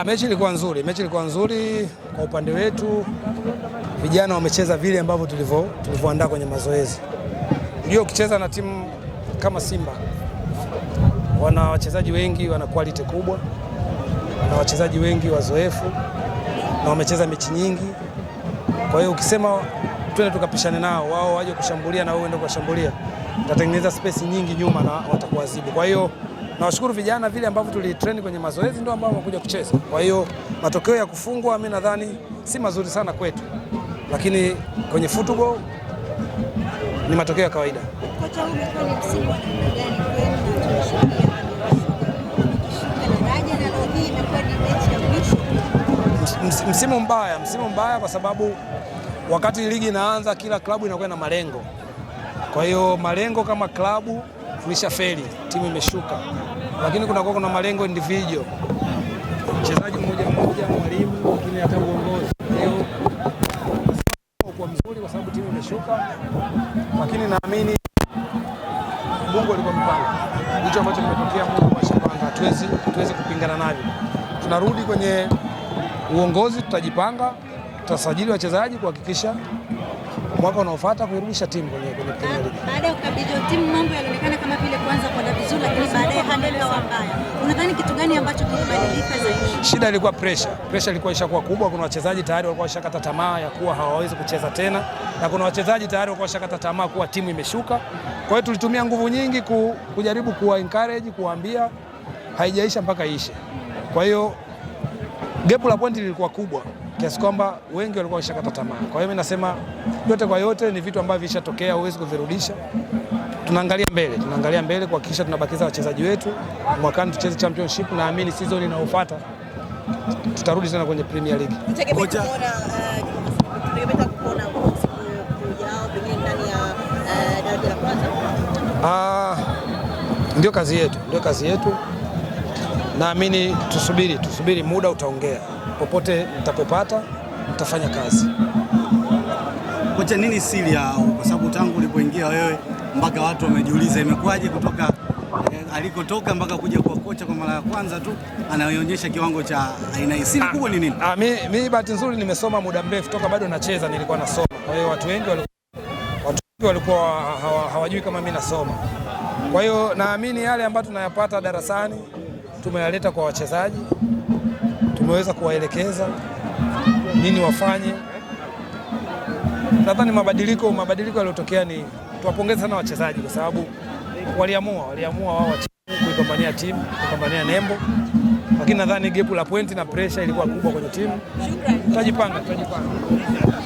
Ah, mechi ilikuwa nzuri, mechi ilikuwa nzuri kwa upande wetu. Vijana wamecheza vile ambavyo tulivyoandaa kwenye mazoezi. Ndio ukicheza na timu kama Simba, wana wachezaji wengi, wana quality kubwa, wana wachezaji wengi wazoefu na wamecheza mechi nyingi. Kwa hiyo ukisema twende tukapishane nao, wao waje kushambulia na wewe uende kuwashambulia, utatengeneza space nyingi nyuma na watakuwazibu. Kwa hiyo na washukuru vijana vile ambavyo tulitrain kwenye mazoezi ndio ambao wamekuja kucheza. Kwa hiyo matokeo ya kufungwa mimi nadhani si mazuri sana kwetu, lakini kwenye football ni matokeo ya kawaida. Msimu mbaya, msimu mbaya kwa sababu wakati ligi inaanza, kila klabu inakuwa na malengo. Kwa hiyo malengo kama klabu tulisha feli, timu imeshuka, lakini kwa kuna malengo individual, mchezaji mmoja mmoja, mwalimu, lakini hata uongozi. Leo kwa mzuri, kwa sababu timu imeshuka, lakini naamini Mungu alikuwa mpango hicho ambacho kimetokea. Mungu ashapanga, tuwezi hatuwezi kupingana navyo. Tunarudi kwenye uongozi, tutajipanga, tutasajili wachezaji kuhakikisha mwaka unaofuata kuirudisha timu kwenye kwenye Premier League. Baada ya kukabidhiwa timu mambo yalionekana kama vile kwanza kwa vizuri, lakini baadaye hali ikawa mbaya. Unadhani kitu gani ambacho kilibadilika zaidi? Shida ilikuwa pressure. Pressure ilikuwa ishakuwa kubwa, kuna wachezaji tayari walikuwa washakata tamaa ya kuwa hawawezi kucheza tena na kuna wachezaji tayari walikuwa washakata tamaa kuwa timu imeshuka. Kwa hiyo tulitumia nguvu nyingi ku, kujaribu kuwa encourage, kuwaambia haijaisha mpaka ishe. Kwa hiyo gepu la pointi lilikuwa kubwa kiasi kwamba wengi walikuwa washakata tamaa. Kwa hiyo mimi nasema yote kwa yote ni vitu ambavyo vishatokea, huwezi kuvirudisha. Tunaangalia mbele, tunaangalia mbele kuhakikisha tunabakiza wachezaji wetu, mwakani tucheze championship. Naamini season inayofuata tutarudi tena kwenye Premier League. Uh, uh, ah, ndio kazi yetu, ndio kazi yetu. Naamini tusubiri, tusubiri, muda utaongea popote mtakopata mtafanya kazi. Kocha, nini siri yao? Kwa sababu tangu ulipoingia wewe mpaka watu wamejiuliza imekuwaje kutoka eh, alikotoka mpaka kuja kwa kocha kwa mara ya kwanza tu anaonyesha kiwango cha aina hii. Siri kubwa ni nini? Ah, mi bahati nzuri nimesoma muda mrefu toka bado nacheza nilikuwa nasoma. Kwa hiyo watu wengi walikuwa watu wengi walikuwa hawajui kama mimi nasoma. Kwa hiyo naamini yale ambayo tunayapata darasani tumeyaleta kwa wachezaji tumeweza kuwaelekeza nini wafanye. Nadhani mabadiliko mabadiliko yaliyotokea ni tuwapongeze sana wachezaji kwa sababu waliamua waliamua wao kuipambania timu kupambania nembo, lakini nadhani gepu la pointi na presha ilikuwa kubwa kwenye timu. Tutajipanga, tutajipanga.